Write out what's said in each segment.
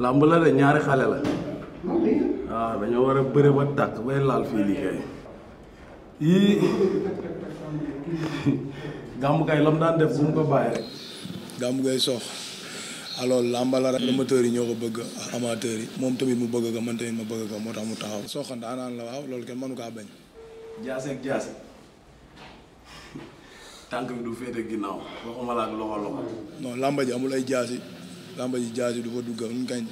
làmb la de ñaari xale la. waaw ah, dañoo war a bëre ba tàkk bay laal fii liggéey yii Gambu Gueye la daan def bu mu ko bàyyi rek. Gambu Gueye sox alors làmb la rek amateurs yi ñoo ko bëgg ak yi moom tamit mu bëgg ko man tamit ma bëgg ko moo tax mu taxaw. soxna daanaan la waaw loolu kenn mënu kaa bañ. jaase ak jaase tànk bi du féete ginnaaw waxuma la ak loxo loxo. non làmba ji amul ay jaasi. lamba ji jaasi du fa dugg ak ñu kañ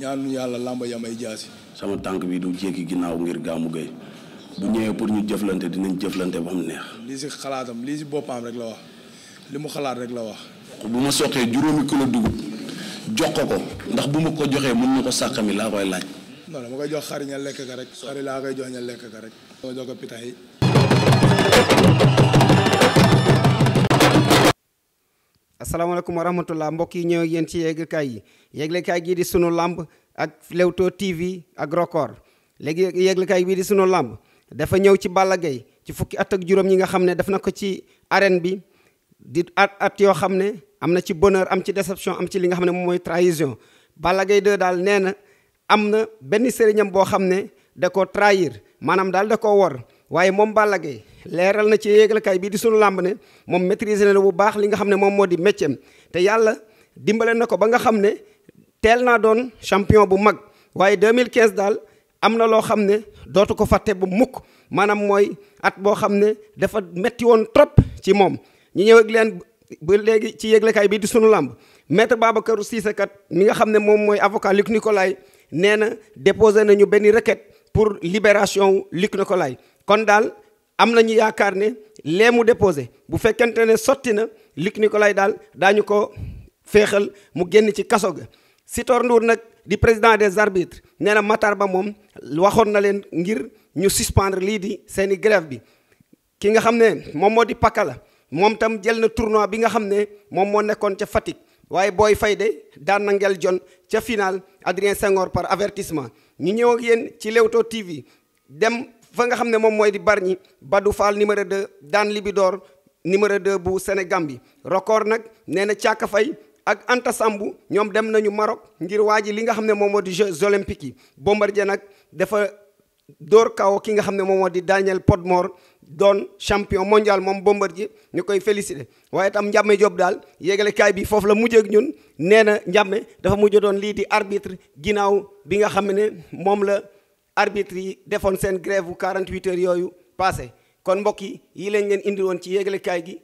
ñaanu yàlla lamba yam ay jaasi. sama tànk bi du jéggi ginnaaw ngir gàmmu gay bu ñëwee pour ñu jëflante dinañ jëflante ba mu neex. lii si xalaatam lii si boppam rek la wax li mu xalaat rek la wax. bu ma soqee juróomi kilo dugub jox ko ko ndax bu ma ko joxee mun na ko sàq mi laa koy laaj. ma koy jox xari lekk ka rek. xari laa koy jox ña lekk ka rek. dama jox ko pitax asalaamaaleykum wa mbokk yi ñëw ak yéen ci yéeglekaay yi yéeglekaay gii di sunu làmb ak Leewtoo TV ak Record léegi yéeglekaay bii di sunu làmb dafa ñëw ci Balla ci fukki at ak juróom ñi nga xam ne daf na ko ci arène bi di at at yoo xam ne am na ci bonheur am ci déception am ci li nga xam ne moom mooy trahison Balla Gaye 2 daal nee na am na benn sëriñam boo xam ne da koo trahir maanaam daal da ko wor waaye moom Balla Gaye leeral na ci yéeglakaay bii di sunu làmb ne moom maîtriser na bu baax li nga xam ne moom moo di métier te yàlla dimbale na ko ba nga xam ne teel naa doon champion bu mag waaye 2015 daal am na loo xam ne dootu ko fàtte bu mukk maanaam mooy at boo xam ne dafa metti woon trop ci moom ñu ñëw ak leen ba léegi ci yéeglekaay bii di sunu làmb maître Babacar Cissé kat mi nga xam ne moom mooy avocat Luc Nicolaï nee na déposé nañu benn requête pour libération Luc Nicolaï kon daal am nañu yaakaar ne lee mu déposé bu fekkente ne sotti na Luc Nicolaï daal daañu ko féexal mu génn ci kaso ga Sitor Ndour nag di président des arbitres nee na Matar Ba moom waxoon na leen ngir ñu suspendre lii di seen i grève bi ki nga xam ne moom moo di Pakala moom tam jël na tournoi bi nga xam ne moom moo nekkoon ca Fatick waaye booy Faye de daan na ngel jon ca final Adrien Senghor par avertissement ñu ñëw ak ci Leewtoo TV dem fa nga xam ne moom mooy di Bargny Badou Fall numéro 2 daan Libidor numéro 2 bu Sénégambi record nag nee na Thiaka Faye ak Anta ñoom dem nañu Maroc ngir waa ji li nga xam ne moom moo di Jeux olympiques yi jee nag dafa dóor kaw ki nga xam ne moom moo di Daniel Podmore doon champion mondial moom bombar Bombardier ñu koy félicité waaye tam Ndiame Diop daal yéegale kaay bi foofu la mujjee ñun nee na Ndiame dafa mujj doon lii di arbitre ginnaaw bi nga xam ne moom la arbitre yi defoon seen grève bu 48 heures yooyu passé kon mbokk yi yi lañ leen indi woon ci kaay gi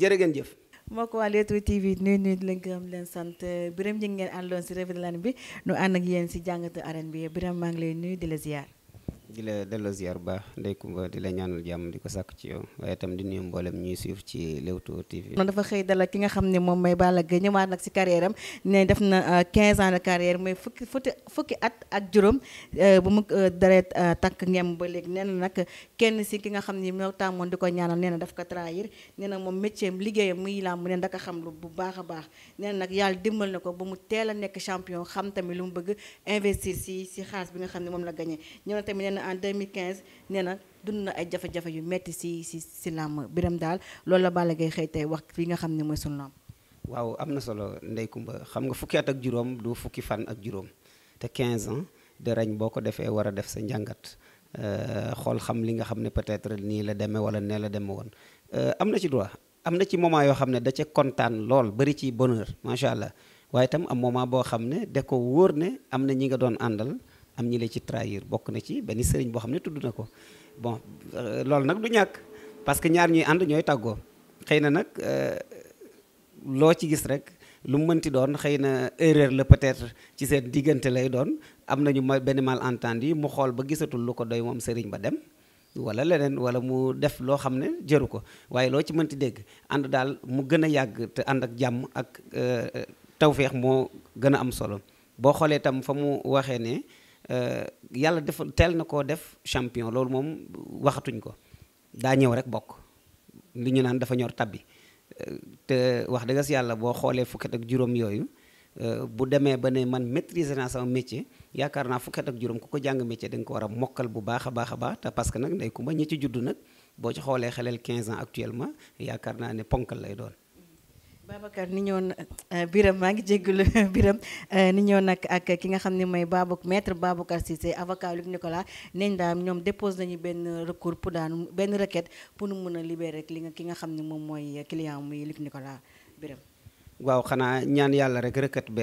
jërë geen jëf mbokk waa Leewtoo TV nuyu nuyu di leen leen sant Birame ñi ngeen àndoon si revue de l'arène bi nu ànd ak yéen si jàngatu arène bi Birame maa ngi lay nuyu di la ziar di la delloo ziar bu baax Ndeye Comba di la ñaanal jàmm di ko sàkk ci yow waaye itam di nuyu mboolem ñuy suivre ci Leewtoo TV. man dafa xëy dala ki nga xam ne moom mooy Balla Gaye ñëwaat nag si ne def na 15 euh, ans mooy fukki fukki fukki ak juróom euh, bu mu euh, daree takk ngem ba léegi nee na kenn si ki nga xam ne moo tàmmoon di ko ñaanal nee na daf ko trahir nee na moom métier am liggéeyam muy làmb nee na da ko xam lu bu baax a baax nee na nag yàlla dimbal na ko ba mu teel a nekk champion xam tamit lu mu bëgg investir si si xaalis bi nga xam ne moom la gagné ñëw na tamit en 2015 nee na dund na ay jafe-jafe yu metti si si si làmb biram daal loolu la Balla Gaye xëy tey wax fii nga xam ne mooy sunu làmb waaw am na solo Ndey Kumba xam nga fukki at ak juróom du fukki fan ak juróom te 15 ans de reñ boo ko defee war a def sa njàngat euh, xool xam li nga xam ne peut-être nii la demee wala nee la demee woon euh, am na ci droit am na ci moment yoo xam ne da ca kontaan lool bari ci bonheur macha allah waaye itam am moment boo xam ne da ko wóor ne am na ñi nga doon àndal am ñi la ci trahir bokk na ci benn sëriñ boo xam ne tudd na ko bon euh, loolu nag du ñàkk parce que ñaar ñuy ànd ñooy tàggoo xëy na nag euh, loo ci gis rek lu mënti doon xëy na erreur la peut-être ci seen diggante lay doon am nañu ma benn malentendu yi mu xool ba gisatul lu ko doy moom sëriñ ba dem wala leneen wala mu def loo xam ne jëru ko waaye loo ci mënti dégg ànd daal mu gën a yàgg te ànd ak jàmm ak euh, tawféex moo gën a am solo boo xoolee tam fa mu waxee ne Euh, yàlla def teel na koo def champion loolu moom waxatuñ ko daa ñëw rek bokk li ñu naan dafa ñor tabbi euh, te wax dëgg si yàlla boo xoolee fukki at ak juróom yooyu euh, bu demee ba ne man maîtriser naa sama métier yaakaar naa fukki at ak juróom ku ko jàng métier da ko war a mokkal bu baax a baax baax te parce que nag ndey ku ma ci juddu nag boo ci xoolee xelel 15 ans actuellement yaakaar naa ne ponkal lay doon. Babacar ni ñëwoon euh, Biram maa ngi jégalu Biram euh, ni ñëwoon nag ak ki nga xam ne mooy Babou si Babacar Cissé avocat Luc Nicolas neñ daam ñoom dépose nañu benn recours pour daan benn requête pour nu mun a libérer rek li nga ki nga xam ne moom mooy client muy Luc Nicolas Biram waaw xanaa ñaan yàlla rek requête ba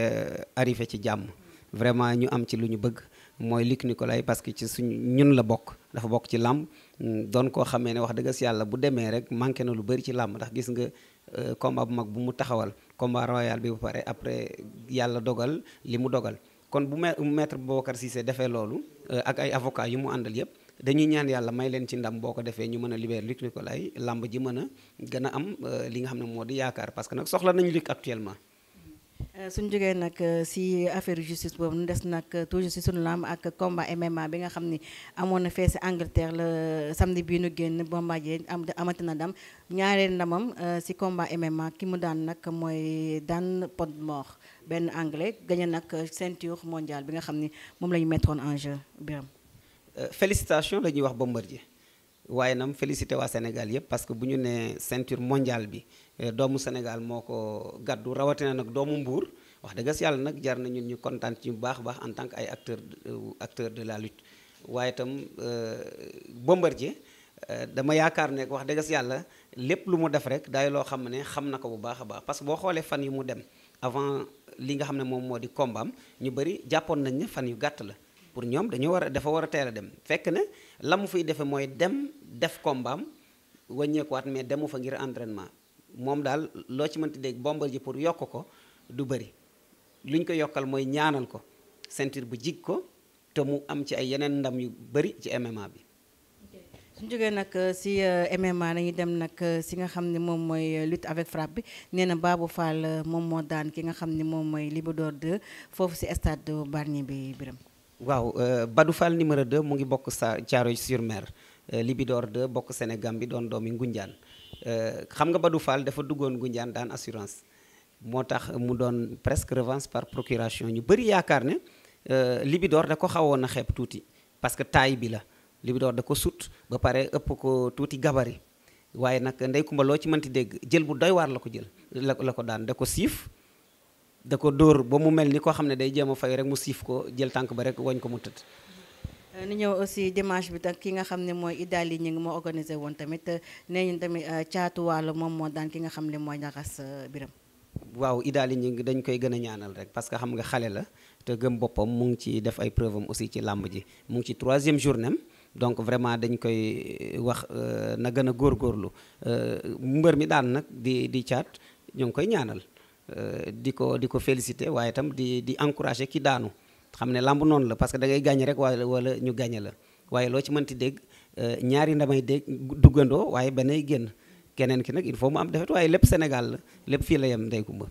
arife ci jàmm vraiment ñu am ci lu ñu bëgg mooy Luc Nicolas parce que ci suñu ñun la bokk dafa bokk ci làmb mm, doon koo xamee ne wax dëgg si yàlla bu demee rek manqué na lu bëri ci làmb ndax gis nga Euh, comme bu mag bu mu taxawal combat royal bi bu pare après yàlla dogal li mu dogal kon bu maître Boubacar Cissé defee loolu euh, ak ay avocat yu mu àndal yëpp dañuy ñaan yàlla may leen ci ndam boo ko defee ñu mën a libérer Luc Nicolaï làmb ji mën gën a am euh, li nga xam ne moo di yaakaar parce que nag soxla nañu Luc actuellement Euh, suñ jógee nag euh, si affaire justice boobu nu des nag euh, toujours si sunu lamb ak combat MMA bi nga xam ni amoon na fee si Angleterre la samedi bii nu génn Bombardier am amati na ndam ñaareel ndamam si combat MMA ki mu daan nag mooy daan Podmore benn anglais gagné nag ceinture mondiale bi nga xam ni moom la ñu mettoon en jeu biram. la ñuy wax Bombardier waaye nam félicité waa Sénégal yëpp parce que bu ñu nee ceinture mondiale bi eh, doomu Sénégal moo ko gàddu rawatina nag doomu mbuur wax dëgg yàlla nag jar nañu ñu kontaan ci bu baax baax en tant que ay acteur euh, de la lutte waaye tam itam euh, Bombardier euh, dama yaakaar ne wax dëgg yàlla lépp lu mu def rek day loo xam ne xam na ko bu baax a baax parce que boo xoolee fan yu mu dem avant li nga xam ne moom moo di kombaam ñu bëri jàppoon nañ ne fan yu gàtt la pour ñoom dañoo war a dafa war a teel a dem fekk na la mu fiy defe mooy dem def kombaam wàññeekuwaat mais demu fa ngir entraînement moom daal loo ci mënti dégg bombal ji pour yokk ko du bëri lu ko yokkal mooy ñaanal ko ceinture bu jig ko te mu am ci ay yeneen ndam yu bëri ci MMA bi suñu jógee nag euh, si euh, MMA dañuy dem nag euh, si nga xam ne moom mooy lutte avec frappe bi nee na Babou Fall moom moo daan ki nga xam ne moom mooy Libidor 2 foofu si stade Barnier bi biram waaw euh, Badou Fall numéro 2 mu ngi bokk sa Thiaroye sur Mer euh, Libidor 2 bokk Sénégam bi doon doomi Ngunjaan euh, xam nga Badou Fall dafa duggoon Ngunjaan daan assurance moo tax mu doon presque revanche par procuration ñu bëri yaakaar ne Libidor da ko xawoon a xeeb tuuti parce que taille bi la Libidor da ko sut ba pare ëpp ko tuuti gabari waaye nag ndey kumba loo ci mënti dégg jël bu doy waar la ko jël la la ko daan da ko siif da ko dóor ba mu mel ni koo xam ne day jéem a fay rek mu siif ko jël tànk ba rek wañ ko mu tëdd. Euh, ni ñëw aussi dimanche bi tak ki nga xam ne mooy Idali ñi ngi moo organisé woon tamit euh, nee ñu tamit euh, caatuwaalo moom moo daan nga xam ne mooy njaxas biram waaw Idali ñi ngi dañ koy gën a ñaanal rek parce que xam nga xale la te gëm boppam mu ngi ci def ay preuve aussi ci làmb ji mu ngi ci troisième journée donc vraiment dañ koy wax na gën a góor góorgóorlu mbër mi daan nag di di caat ñoo ngi koy ñaanal Euh, di ko di ko féliciter waaye tam di di encourager ki daanu xam ne làmb noonu la parce que da ngay gàññe rek wala wala ñu gàññe la waaye loo ci mënti dégg euh, ñaari ndamay dégg duggandoo waaye benay génn keneen ki nag il faut mu am defet waaye lépp Sénégal la lépp fii la yem ndey kumba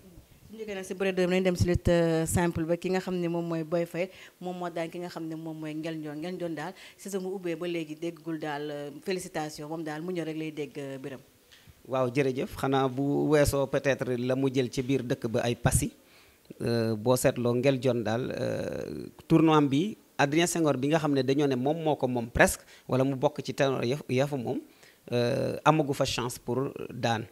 ñu jógee nag si bëre dóor nañu dem si lutte euh, simple ba ki nga xam ne moom mooy Boy Faye moom moo daan ki nga xam ne moom mooy Ngel Njoon Ngel Njoon daal saison bu ubbee ba léegi déggul daal félicitation moom daal mu ñëw rek lay dégg biram waaw jërëjëf xanaa bu weesoo peut-être la mu jël ci biir dëkk ba ay pasi euh, boo seetloo ngel jon daal euh, tournoi bi Adrien Senghor bi nga xam ne dañoo ne moom moo ko moom presque wala mu bokk ci ténor yafu moom euh, amagu fa chance pour daan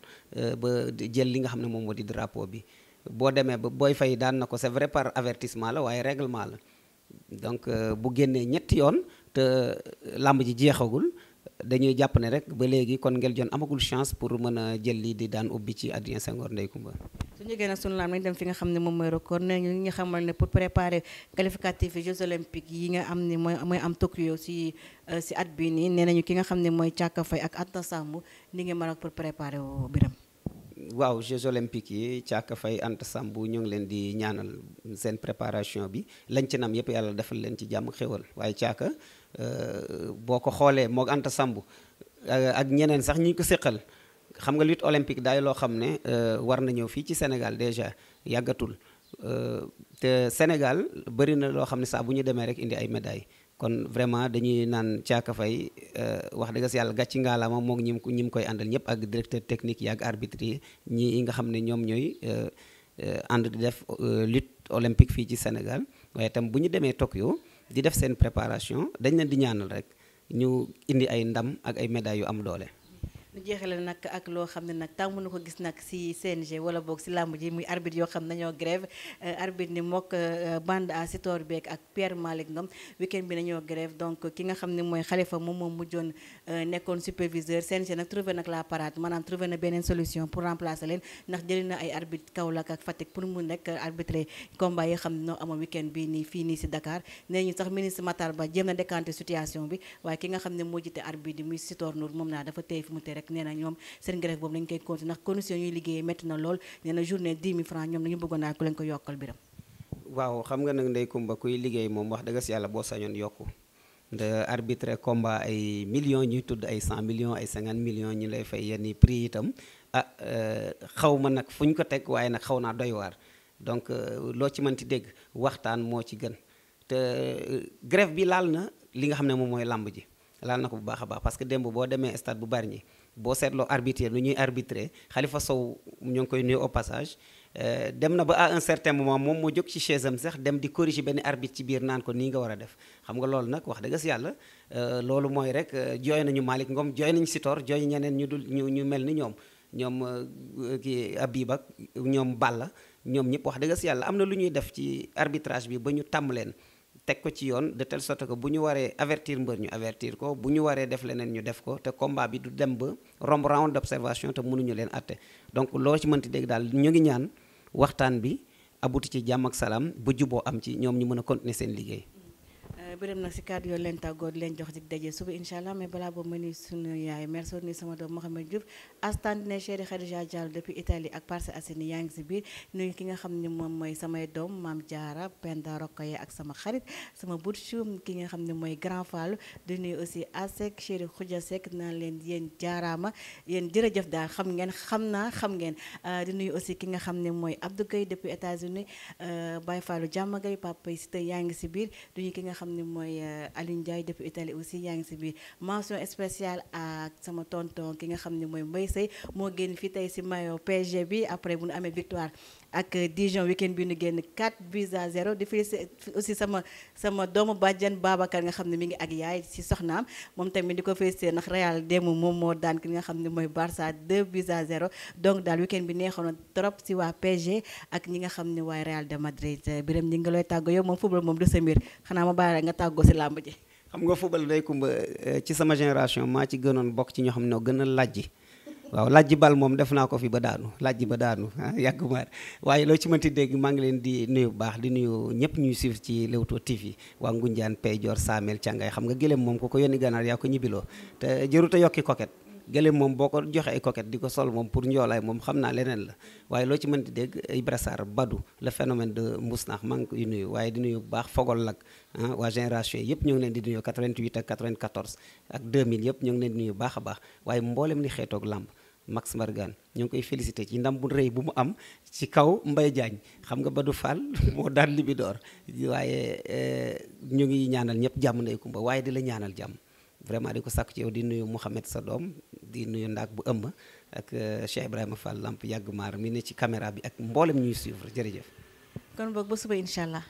ba jël li nga xam ne moom moo di drapeau bi boo demee ba booy fay daan na ko c'est vrai par avertissement la waaye réglement la donc bu génnee ñetti yoon te làmb ji jeexagul dañuy jàpp ne rek ba léegi kon ngel joon amagul chance pour mën a jël lii di daan ubbi ci Adrien Senghor Ndeye Comba su ñu génn sunu laam nañ dem fi nga xam ne moom mooy record ne ñu nga ne pour préparer qualificatif Jeux yi nga am ni mooy mooy am Tokyo si si euh, at bi nii nee nañu ki nga xam ne mooy Thiaka Faye ak Anta Samb ni ngi Maroc pour préparer wu waaw Jeux olympiques yi Thiaka Faye Anta Samb ñu ngi leen di ñaanal seen préparation bi lañ ci nam yëpp yàlla defal leen ci jàmm xewal waaye Thiaka Euh, boo ko xoolee moog Anta Samb euh, ak ñeneen sax ñi ko séqal xam nga lutte olympique daay loo xam ne euh, war na ñëw fii ci Sénégal déjà yàggatul te Sénégal bëri na loo xam ne saa bu ñu demee rek indi ay médailles kon vraiment dañuy naan caaka fay wax dëgg si yàlla gàcci ngaalaama moog ñi ñi mu koy àndal ñëpp ak directeur technique yi ak arbitre yi nga xam ne ñoom ñooy ànd di def lutte olympique fii ci Sénégal waaye itam bu ñu demee Tokyo di def seen préparation dañ leen di ñaanal rek ñu indi ay ndam ak ay médailles yu am doole. ñu jeexale nag ak loo xam ne nag tam tàmm na ko gis nag si CNG wala boog si làmb ji muy arbitre yoo xam ne ñoo grève euh, arbitre ni mook euh, bande à Sitor Beek ak Pierre Malick Ngom week-end bi nañoo grève donc ki nga xam ne mooy Khalifa moom moom mujjoon euh, nekkoon superviseur CNG nag trouvé nag la parade maanaam trouvé na beneen solution pour leen ndax jëli na ay arbitre Kaolack ak Fatick pour mu nii fii nii si Dakar nee ñu sax ministre Matar Ba jéem na décanter situation bi waaye ki nga xam ne moo jiite arbitre yi muy Sitor Ndour moom naa dafa tey fi mu tey grec nee na ñoom seen grec boobu dañ koy continuer ndax condition ñuy liggéeyee métti na lool nee journée 10 ñoom dañu bëggoon naa ku ko yokkal biram waaw xam nga nag ndey kumba kuy liggéey moom wax dëgg si yàlla boo sañoon yokku de arbitre combat ay millions ñuy tudd ay 100 million ay 50 millions ñu lay fay yenn prix itam ah euh, xaw ma nag fu ñu ko teg waaye nag xaw naa doy waar donc euh, loo ci mënti dégg waxtaan moo ci gën te euh, grève bi laal na li nga xam ne moom mooy làmb ji laal ko baax a baax boo seetloo arbitre lu ñuy arbitrer xalifa Sow ñu ngi koy nuyu au passage euh, dem na ba a un certain moment moom moo jóg ci chaise am sax dem di corriger benn arbitre ci biir naan ko nii nga war a def xam nga loolu nag wax dëgg si yàlla euh, loolu mooy rek euh, jooy nañu malik Ngom jooy nañu Sitor jooy ñeneen ñu dul ñu ñu mel ni ñoom ñoom kii Habib ñoom Balla ñoom ñëpp wax dëgg yàlla am na lu ñuy def ci arbitrage bi ba ñu tàmm leen teg ko ci yoon de telle sorte que bu ñu waree avertir mbër ñu avertir ko bu ñu waree def leneen ñu def ko te combat bi du dem ba romb round d'observation te mënuñu leen atte donc loo ci mënti dégg daal ñu ngi ñaan waxtaan bi abuti ci jàmm ak salaam bu juboo am ci ñoom ñu mën a continuer seen liggéey bu dem nag si kàddu yoo leen tàggoo di leen jox dig daje suba incha allah mais balaa boobu ma nuyu sunu yaay merci nuyu sama doom Mouhamed Diouf astandine chéri Khadija Diallo depuis Italie ak Parcelles Assainies yaa ngi si biir nuyu ki nga xam ne moom mooy samay nga euh, di nuyu aussi ki nga xam ne mooy Abdou Gueye depuis États-Unis euh, Baye Fallou Diamagay Papa yaa ngi si biir duñu ki nga xam ne ni mooy euh, Aline Ndiaye depuis Italie aussi yaa ngi si biir mention spéciale ak sama tonton ki nga xam ne mooy mbay Seye moo génn fii tey si maillot PSG bi après bu nu amee victoire ak Dijon weekend bi nu génn 4 buts à 0 di félicité aussi sama sama doomu bàjjan Babacar nga xam ne mi ngi ak yaay si soxnaam moom tamit di ko félicité ndax Real démb moom moo daan ki nga xam ne mooy Barça 2 buts à 0 donc daal weekend bi neexoon na trop si waa PSG ak ñi nga xam ne waaye Real de Madrid Birame ñi nga looy tàggoo yow moom football moom du sa mbir xanaa ma bàyyi nga tàggoo si làmb ji. xam nga football day kumba euh, ci sama génération maa ci gënoon bokk ci ñoo xam ne gën a lajji waaw laaj bal moom def naa ko fi ba daanu laaj ba daanu ah yàgg waaye loo ci mënti dégg maa ngi leen di nuyu bu baax di nuyu ñëpp ñuy suivre ci Leewtoo TV waa Ngunjaan Pey Joor Saamel Càngaay xam nga gëléem moom ko ko yónni ganaar yaa ko ñibbiloo te jëruta yokki koket gëléem moom boo ko joxee ay coquette di ko sol moom pour njoolaay moom xam naa leneen la waaye loo ci mënti dégg Ibra Sarr Badou le phénomène de Mbousnakh maa ngi koy nuyu waaye di nuyu bu baax Fogol lak ah waa génération yëpp ñu ngi leen di nuyu 88 ak 94 ak ngi leen di nuyu baax a baax waaye mboolem ni xeetoog Max Mbargane ñoo ngi koy félicité ci ndam bu rëy bu mu am ci kaw mbay Diagne xam nga ba du Fall moo daan Libidor waaye eh, ñu ngi ñaanal ñëpp jàmm ndey Kumba waaye di la ñaanal jàmm vraiment di ko sàkk ci yow di nuyu Mouhamed sa doom di nuyu ndaak bu ëmb ak eh, Cheikh Ibrahima Fall Lamp yàgg maar mi ne ci caméra bi ak mboolem ñuy suivre jërëjëf. kon boog ba suba incha